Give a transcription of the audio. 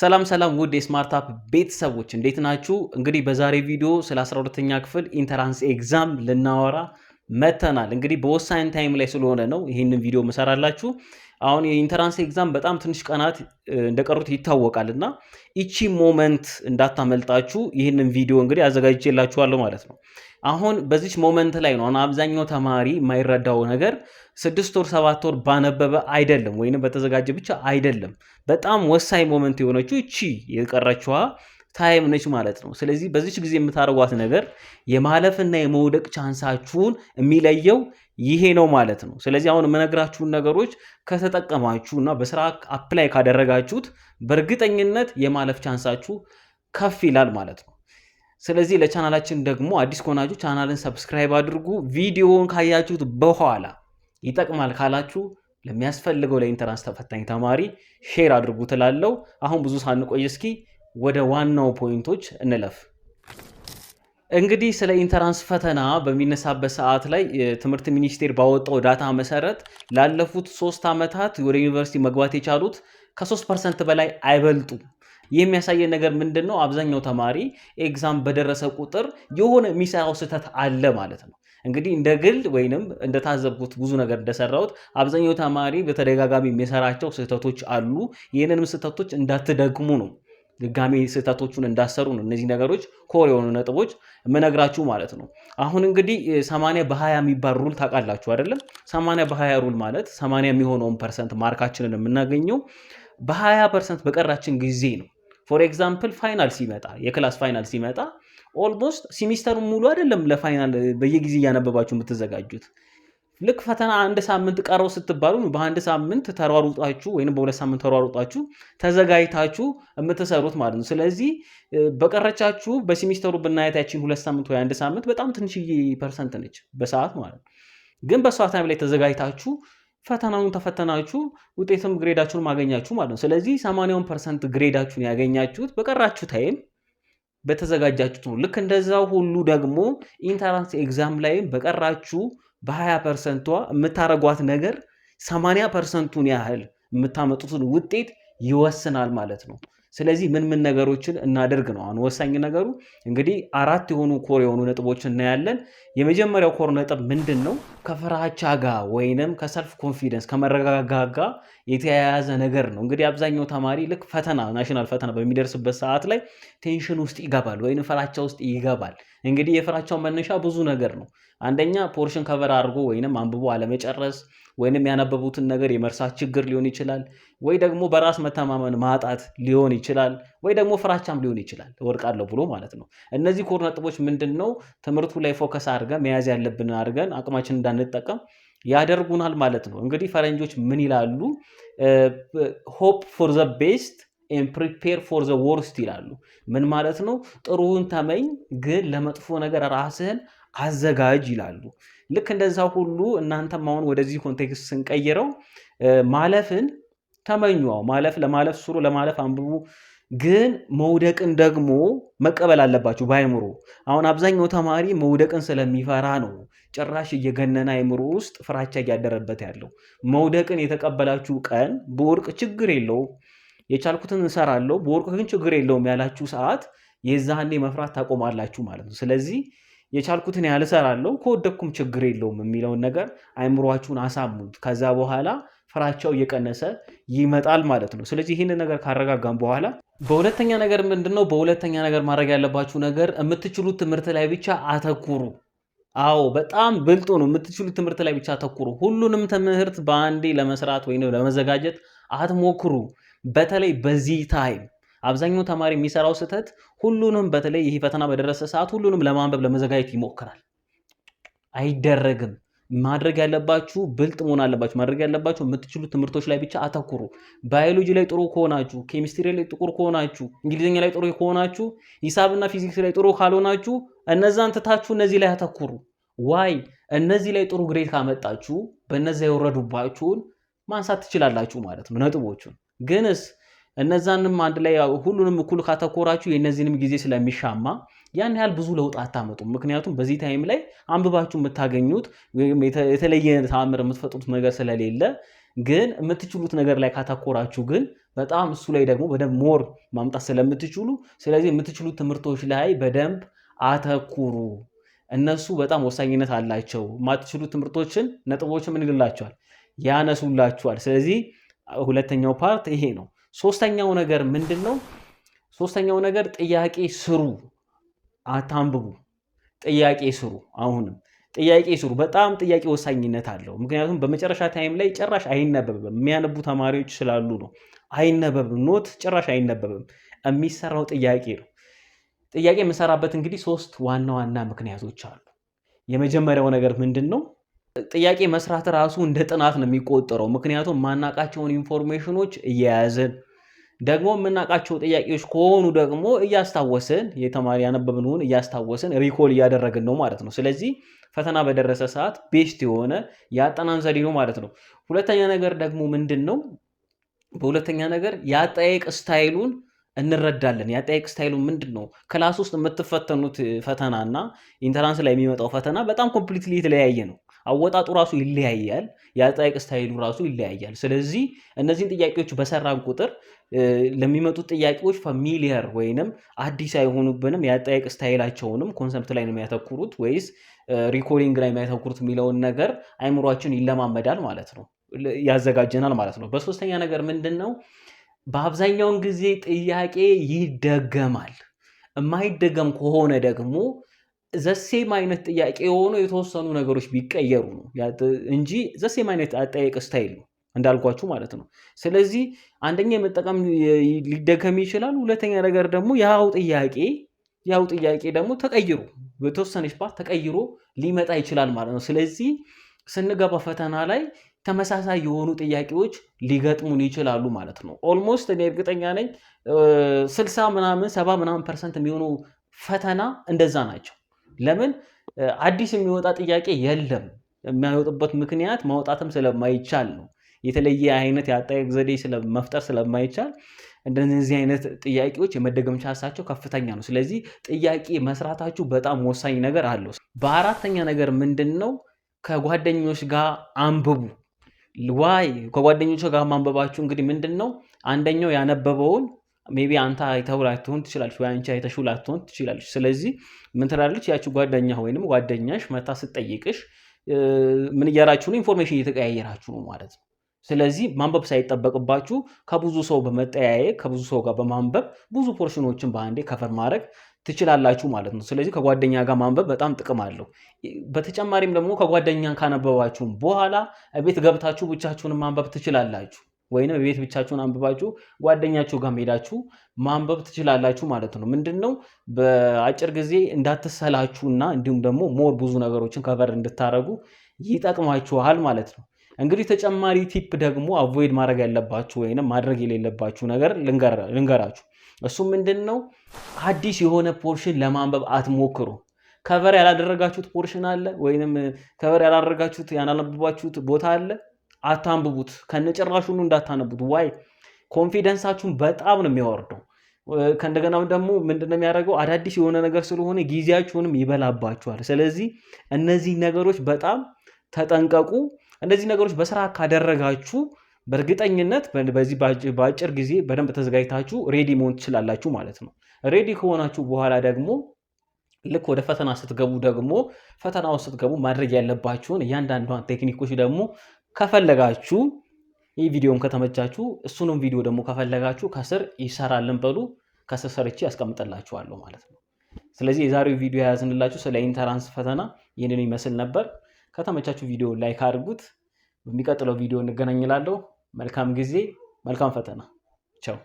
ሰላም ሰላም ውድ የስማርት አፕ ቤተሰቦች እንዴት ናችሁ? እንግዲህ በዛሬ ቪዲዮ ስለ 12ኛ ክፍል ኢንተራንስ ኤግዛም ልናወራ መተናል። እንግዲህ በወሳኝ ታይም ላይ ስለሆነ ነው ይህንን ቪዲዮ መሰራላችሁ። አሁን የኢንተራንስ ኤግዛም በጣም ትንሽ ቀናት እንደቀሩት ይታወቃል እና ይቺ ሞመንት እንዳታመልጣችሁ ይህንን ቪዲዮ እንግዲህ አዘጋጅቼላችኋለሁ ማለት ነው። አሁን በዚች ሞመንት ላይ ነው አብዛኛው ተማሪ የማይረዳው ነገር ስድስት ወር ሰባት ወር ባነበበ አይደለም፣ ወይም በተዘጋጀ ብቻ አይደለም። በጣም ወሳኝ ሞመንት የሆነችው ይቺ የቀረችዋ ታይም ነች ማለት ነው። ስለዚህ በዚች ጊዜ የምታደርጓት ነገር የማለፍና የመውደቅ ቻንሳችሁን የሚለየው ይሄ ነው ማለት ነው። ስለዚህ አሁን የምነግራችሁን ነገሮች ከተጠቀማችሁ እና በስራ አፕላይ ካደረጋችሁት በእርግጠኝነት የማለፍ ቻንሳችሁ ከፍ ይላል ማለት ነው። ስለዚህ ለቻናላችን ደግሞ አዲስ ከሆናችሁ ቻናልን ሰብስክራይብ አድርጉ። ቪዲዮውን ካያችሁት በኋላ ይጠቅማል ካላችሁ ለሚያስፈልገው ለኢንተራንስ ተፈታኝ ተማሪ ሼር አድርጉ ትላለው። አሁን ብዙ ሳንቆይ እስኪ ወደ ዋናው ፖይንቶች እንለፍ። እንግዲህ ስለ ኢንተራንስ ፈተና በሚነሳበት ሰዓት ላይ ትምህርት ሚኒስቴር ባወጣው ዳታ መሰረት ላለፉት ሶስት ዓመታት ወደ ዩኒቨርሲቲ መግባት የቻሉት ከሶስት ፐርሰንት በላይ አይበልጡም። ይህ የሚያሳየን ነገር ምንድን ነው? አብዛኛው ተማሪ ኤግዛም በደረሰ ቁጥር የሆነ የሚሰራው ስህተት አለ ማለት ነው። እንግዲህ እንደ ግል ወይንም እንደታዘብኩት ብዙ ነገር እንደሰራሁት አብዛኛው ተማሪ በተደጋጋሚ የሚሰራቸው ስህተቶች አሉ። ይህንንም ስህተቶች እንዳትደግሙ ነው ድጋሚ ስህተቶቹን እንዳሰሩ ነው። እነዚህ ነገሮች ኮር የሆኑ ነጥቦች የምነግራችሁ ማለት ነው። አሁን እንግዲህ ሰማንያ በሀያ የሚባል ሩል ታውቃላችሁ አይደለም? ሰማንያ በሀያ ሩል ማለት ሰማንያ የሚሆነውን ፐርሰንት ማርካችንን የምናገኘው በሀያ ፐርሰንት በቀራችን ጊዜ ነው። ፎር ኤግዛምፕል ፋይናል ሲመጣ የክላስ ፋይናል ሲመጣ ኦልሞስት ሲሚስተሩን ሙሉ አይደለም ለፋይናል በየጊዜ እያነበባችሁ የምትዘጋጁት ልክ ፈተና አንድ ሳምንት ቀረው ስትባሉ በአንድ ሳምንት ተሯሩጣችሁ ወይም በሁለት ሳምንት ተሯሩጣችሁ ተዘጋጅታችሁ የምትሰሩት ማለት ነው። ስለዚህ በቀረቻችሁ በሲሚስተሩ ብናየታችን ሁለት ሳምንት ወይ አንድ ሳምንት በጣም ትንሽዬ ፐርሰንት ነች በሰዓት ማለት ነው። ግን በሰዋ ታይም ላይ ተዘጋጅታችሁ ፈተናውን ተፈተናችሁ ውጤትም ግሬዳችሁን ማገኛችሁ ማለት ነው። ስለዚህ ሰማንያውን ፐርሰንት ግሬዳችሁን ያገኛችሁት በቀራችሁ ታይም በተዘጋጃችሁት ነው። ልክ እንደዛው ሁሉ ደግሞ ኢንተራንስ ኤግዛም ላይም በቀራችሁ በ20 ፐርሰንቷ የምታረጓት ነገር 80 ፐርሰንቱን ያህል የምታመጡትን ውጤት ይወስናል ማለት ነው። ስለዚህ ምን ምን ነገሮችን እናደርግ ነው አሁን ወሳኝ ነገሩ። እንግዲህ አራት የሆኑ ኮር የሆኑ ነጥቦችን እናያለን። የመጀመሪያው ኮር ነጥብ ምንድን ነው? ከፍራቻ ጋር ወይንም ከሰልፍ ኮንፊደንስ ከመረጋጋ ጋር የተያያዘ ነገር ነው። እንግዲህ አብዛኛው ተማሪ ልክ ፈተና ናሽናል ፈተና በሚደርስበት ሰዓት ላይ ቴንሽን ውስጥ ይገባል ወይም ፍራቻ ውስጥ ይገባል። እንግዲህ የፍራቻው መነሻ ብዙ ነገር ነው። አንደኛ ፖርሽን ከቨር አድርጎ ወይንም አንብቦ አለመጨረስ ወይንም ያነበቡትን ነገር የመርሳት ችግር ሊሆን ይችላል፣ ወይ ደግሞ በራስ መተማመን ማጣት ሊሆን ይችላል፣ ወይ ደግሞ ፍራቻም ሊሆን ይችላል እወድቃለሁ ብሎ ማለት ነው። እነዚህ ኮር ነጥቦች ምንድን ነው ትምህርቱ ላይ ፎከስ አድርገን መያዝ ያለብን አድርገን አቅማችን እንዳንጠቀም ያደርጉናል ማለት ነው። እንግዲህ ፈረንጆች ምን ይላሉ? ሆፕ ፎር ዘ ቤስት ፕሪፔር ፎር ዘ ወርስት ይላሉ። ምን ማለት ነው? ጥሩውን ተመኝ ግን ለመጥፎ ነገር ራስህን አዘጋጅ ይላሉ። ልክ እንደዛ ሁሉ እናንተም አሁን ወደዚህ ኮንቴክስት ስንቀይረው ማለፍን ተመኙ። ማለፍ ለማለፍ ስሩ፣ ለማለፍ አንብቡ። ግን መውደቅን ደግሞ መቀበል አለባችሁ በአይምሮ። አሁን አብዛኛው ተማሪ መውደቅን ስለሚፈራ ነው ጭራሽ እየገነነ አይምሮ ውስጥ ፍራቻ እያደረበት ያለው። መውደቅን የተቀበላችሁ ቀን በወርቅ ችግር የለውም የቻልኩትን እንሰራለው በወርቅ ግን ችግር የለውም ያላችሁ ሰዓት የዛኔ መፍራት ታቆማላችሁ ማለት ነው። ስለዚህ የቻልኩትን ያህል ከወደኩም ችግር የለውም የሚለውን ነገር አይምሯችሁን አሳሙት። ከዛ በኋላ ፍራቻው እየቀነሰ ይመጣል ማለት ነው። ስለዚህ ይህንን ነገር ካረጋጋም በኋላ በሁለተኛ ነገር ምንድነው በሁለተኛ ነገር ማድረግ ያለባችሁ ነገር የምትችሉት ትምህርት ላይ ብቻ አተኩሩ። አዎ በጣም ብልጡ ነው። የምትችሉት ትምህርት ላይ ብቻ አተኩሩ። ሁሉንም ትምህርት በአንዴ ለመስራት ወይም ለመዘጋጀት አትሞክሩ። በተለይ በዚህ ታይም አብዛኛው ተማሪ የሚሰራው ስህተት ሁሉንም በተለይ ይህ ፈተና በደረሰ ሰዓት ሁሉንም ለማንበብ ለመዘጋጀት ይሞክራል። አይደረግም። ማድረግ ያለባችሁ ብልጥ መሆን አለባችሁ። ማድረግ ያለባችሁ የምትችሉ ትምህርቶች ላይ ብቻ አተኩሩ። ባዮሎጂ ላይ ጥሩ ከሆናችሁ፣ ኬሚስትሪ ላይ ጥቁር ከሆናችሁ፣ እንግሊዝኛ ላይ ጥሩ ከሆናችሁ፣ ሂሳብና ፊዚክስ ላይ ጥሩ ካልሆናችሁ እነዛን ትታችሁ እነዚህ ላይ አተኩሩ። ዋይ እነዚህ ላይ ጥሩ ግሬድ ካመጣችሁ በእነዚያ የወረዱባችሁን ማንሳት ትችላላችሁ ማለት ነው ነጥቦቹን ግንስ እነዛንም አንድ ላይ ሁሉንም እኩል ካተኮራችሁ የእነዚህንም ጊዜ ስለሚሻማ ያን ያህል ብዙ ለውጥ አታመጡም። ምክንያቱም በዚህ ታይም ላይ አንብባችሁ የምታገኙት የተለየ ተአምር የምትፈጥሩት ነገር ስለሌለ፣ ግን የምትችሉት ነገር ላይ ካተኮራችሁ ግን በጣም እሱ ላይ ደግሞ በደንብ ሞር ማምጣት ስለምትችሉ፣ ስለዚህ የምትችሉት ትምህርቶች ላይ በደንብ አተኩሩ። እነሱ በጣም ወሳኝነት አላቸው። የማትችሉት ትምህርቶችን ነጥቦችም እንግላቸዋል ያነሱላችኋል። ስለዚህ ሁለተኛው ፓርት ይሄ ነው። ሶስተኛው ነገር ምንድን ነው? ሶስተኛው ነገር ጥያቄ ስሩ፣ አታንብቡ፣ ጥያቄ ስሩ። አሁንም ጥያቄ ስሩ። በጣም ጥያቄ ወሳኝነት አለው። ምክንያቱም በመጨረሻ ታይም ላይ ጭራሽ አይነበብም። የሚያነቡ ተማሪዎች ስላሉ ነው። አይነበብም፣ ኖት ጭራሽ አይነበብም። የሚሰራው ጥያቄ ነው። ጥያቄ የምሰራበት እንግዲህ ሶስት ዋና ዋና ምክንያቶች አሉ። የመጀመሪያው ነገር ምንድን ነው? ጥያቄ መስራት ራሱ እንደ ጥናት ነው የሚቆጠረው። ምክንያቱም ማናቃቸውን ኢንፎርሜሽኖች እየያዝን ደግሞ የምናውቃቸው ጥያቄዎች ከሆኑ ደግሞ እያስታወስን የተማሪ ያነበብንውን እያስታወስን ሪኮል እያደረግን ነው ማለት ነው። ስለዚህ ፈተና በደረሰ ሰዓት ቤስት የሆነ የአጠናን ዘዴ ነው ማለት ነው። ሁለተኛ ነገር ደግሞ ምንድን ነው? በሁለተኛ ነገር የአጠያየቅ ስታይሉን እንረዳለን። የአጠያየቅ ስታይሉ ምንድን ነው? ክላስ ውስጥ የምትፈተኑት ፈተና እና ኢንተራንስ ላይ የሚመጣው ፈተና በጣም ኮምፕሊትሊ የተለያየ ነው። አወጣጡ ራሱ ይለያያል። የአጠያየቅ ስታይሉ ራሱ ይለያያል። ስለዚህ እነዚህን ጥያቄዎች በሰራን ቁጥር ለሚመጡት ጥያቄዎች ፋሚሊየር ወይንም አዲስ አይሆኑብንም። የአጠያየቅ ስታይላቸውንም ኮንሰፕት ላይ ነው የሚያተኩሩት ወይስ ሪኮሊንግ ላይ የሚያተኩሩት የሚለውን ነገር አይምሯችን ይለማመዳል ማለት ነው፣ ያዘጋጀናል ማለት ነው። በሶስተኛ ነገር ምንድን ነው በአብዛኛውን ጊዜ ጥያቄ ይደገማል። የማይደገም ከሆነ ደግሞ ዘሴም አይነት ጥያቄ የሆኑ የተወሰኑ ነገሮች ቢቀየሩ ነው እንጂ ዘሴም አይነት አጠያየቅ ስታይል ነው እንዳልኳችሁ ማለት ነው። ስለዚህ አንደኛ የመጠቀም ሊደገም ይችላል። ሁለተኛ ነገር ደግሞ ያው ጥያቄ ያው ጥያቄ ደግሞ ተቀይሮ በተወሰነች ፓርት ተቀይሮ ሊመጣ ይችላል ማለት ነው። ስለዚህ ስንገባ ፈተና ላይ ተመሳሳይ የሆኑ ጥያቄዎች ሊገጥሙን ይችላሉ ማለት ነው። ኦልሞስት እኔ እርግጠኛ ነኝ ስልሳ ምናምን ሰባ ምናምን ፐርሰንት የሚሆኑ ፈተና እንደዛ ናቸው። ለምን አዲስ የሚወጣ ጥያቄ የለም። የሚያወጡበት ምክንያት ማውጣትም ስለማይቻል ነው። የተለየ አይነት የአጠያየቅ ዘዴ መፍጠር ስለማይቻል እንደዚህ አይነት ጥያቄዎች የመደገም ቻንሳቸው ከፍተኛ ነው። ስለዚህ ጥያቄ መስራታችሁ በጣም ወሳኝ ነገር አለው። በአራተኛ ነገር ምንድን ነው? ከጓደኞች ጋር አንብቡ። ዋይ ከጓደኞች ጋር ማንበባችሁ እንግዲህ ምንድን ነው አንደኛው ያነበበውን ሜቢ አንተ አይተው ላትሆን ትችላለች፣ ወይ አንቺ አይተሽው ላትሆን ትችላለች። ስለዚህ ምን ትላለች ያቺ ጓደኛ ወይንም ጓደኛሽ መታ ስጠይቅሽ ምን እያላችሁ ነው? ኢንፎርሜሽን እየተቀያየራችሁ ነው ማለት ነው። ስለዚህ ማንበብ ሳይጠበቅባችሁ ከብዙ ሰው በመጠያየቅ ከብዙ ሰው ጋር በማንበብ ብዙ ፖርሽኖችን በአንዴ ከፈር ማድረግ ትችላላችሁ ማለት ነው። ስለዚህ ከጓደኛ ጋር ማንበብ በጣም ጥቅም አለው። በተጨማሪም ደግሞ ከጓደኛን ካነበባችሁም በኋላ ቤት ገብታችሁ ብቻችሁንም ማንበብ ትችላላችሁ። ወይም ቤት ብቻችሁን አንብባችሁ ጓደኛችሁ ጋር ሄዳችሁ ማንበብ ትችላላችሁ ማለት ነው። ምንድን ነው በአጭር ጊዜ እንዳትሰላችሁ እና እንዲሁም ደግሞ ሞር ብዙ ነገሮችን ከቨር እንድታደረጉ ይጠቅማችኋል ማለት ነው። እንግዲህ ተጨማሪ ቲፕ ደግሞ አቮይድ ማድረግ ያለባችሁ ወይም ማድረግ የሌለባችሁ ነገር ልንገራችሁ። እሱ ምንድን ነው? አዲስ የሆነ ፖርሽን ለማንበብ አትሞክሩ። ከቨር ያላደረጋችሁት ፖርሽን አለ ወይም ከቨር ያላደረጋችሁት ያናነበባችሁት ቦታ አለ አታንብቡት፣ ከነጭራሹኑ እንዳታነቡት። ዋይ ኮንፊደንሳችሁን በጣም ነው የሚያወርደው። ከእንደገና ደግሞ ምንድነው የሚያደርገው? አዳዲስ የሆነ ነገር ስለሆነ ጊዜያችሁንም ይበላባችኋል። ስለዚህ እነዚህ ነገሮች በጣም ተጠንቀቁ። እነዚህ ነገሮች በስራ ካደረጋችሁ በእርግጠኝነት በዚህ በአጭር ጊዜ በደንብ ተዘጋጅታችሁ ሬዲ መሆን ትችላላችሁ ማለት ነው። ሬዲ ከሆናችሁ በኋላ ደግሞ ልክ ወደ ፈተና ስትገቡ ደግሞ ፈተናውን ስትገቡ ማድረግ ያለባችሁን እያንዳንዷን ቴክኒኮች ደግሞ ከፈለጋችሁ ይህ ቪዲዮም ከተመቻችሁ እሱንም ቪዲዮ ደግሞ ከፈለጋችሁ ከስር ይሰራልን በሉ ከስር ሰርቼ ያስቀምጠላችኋለሁ ማለት ነው። ስለዚህ የዛሬው ቪዲዮ የያዝንላችሁ ስለ ኢንተራንስ ፈተና ይህንን ይመስል ነበር። ከተመቻችሁ ቪዲዮ ላይክ አድርጉት። በሚቀጥለው ቪዲዮ እንገናኝላለሁ። መልካም ጊዜ፣ መልካም ፈተና። ቻው